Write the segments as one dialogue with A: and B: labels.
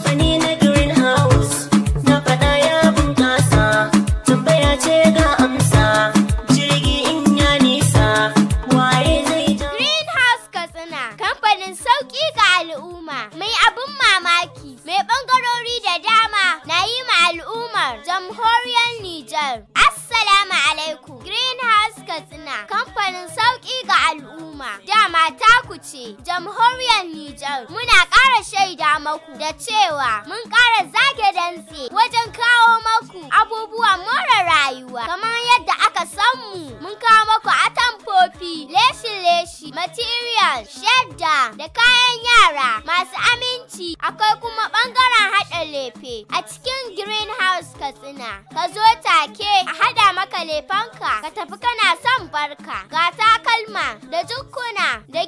A: Kamfani na greenhouse na faɗa ya bunƙasa, tambaya ce ga amsa, jirgi in ya nisa, waye zai ja. Greenhouse Katsina, kamfanin sauƙi ga al'umma, mai abin mamaki, mai ɓangarori da dama na yi ma al'ummar jamhuriyar Nijar. Assalamu alaikum, Greenhouse Katsina, kamfanin sauƙi ga al'umma, dama ta wuce, jamhuriyar Nijar muna ƙara shaida maku da cewa mun ƙara zage dantse wajen kawo maku abubuwan more rayuwa kamar yadda aka san mu. mun kawo maku atamfofi, leshi-leshi, material, shadda da kayan yara masu aminci akwai kuma ɓangaren haɗa lefe a cikin greenhouse katsina ka zo take a haɗa maka lefanka ka tafi kana son barka ga takalma da jukkuna da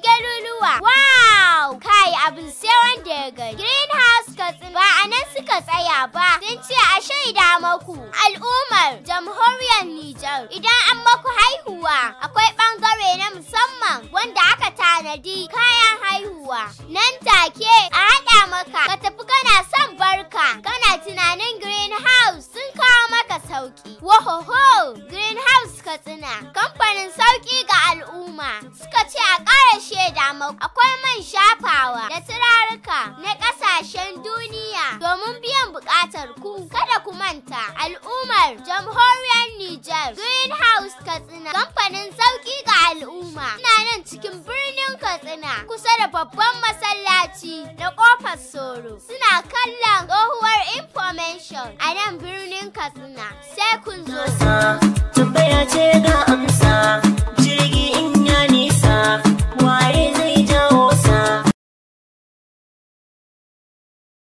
A: Wow! Kai abin sai wanda ya gani. Greenhouse Katsina ba a nan suka tsaya ba. Sun ce a shaida maku al'ummar jamhuriyar Nijar idan an maku haihuwa akwai bangare na musamman wanda aka tanadi kayan haihuwa. Nan take a haɗa maka ka tafi kana son barka kana tunanin greenhouse sun kawo maka sauki. Wahoho! Greenhouse Katsina kamfanin sauki ga al'umma suka ce a shaida maku akwai man shafawa da turaruka na ƙasashen duniya domin biyan buƙatar ku. Kada ku manta al'ummar jamhuriyar Nijar Greenhouse Katsina kamfanin sauki ga al'umma. Ina nan cikin birnin Katsina kusa da babban masallaci na ƙofar Soro. Suna kallon tsohuwar information a nan birnin Katsina. Sai kun zo. ce ga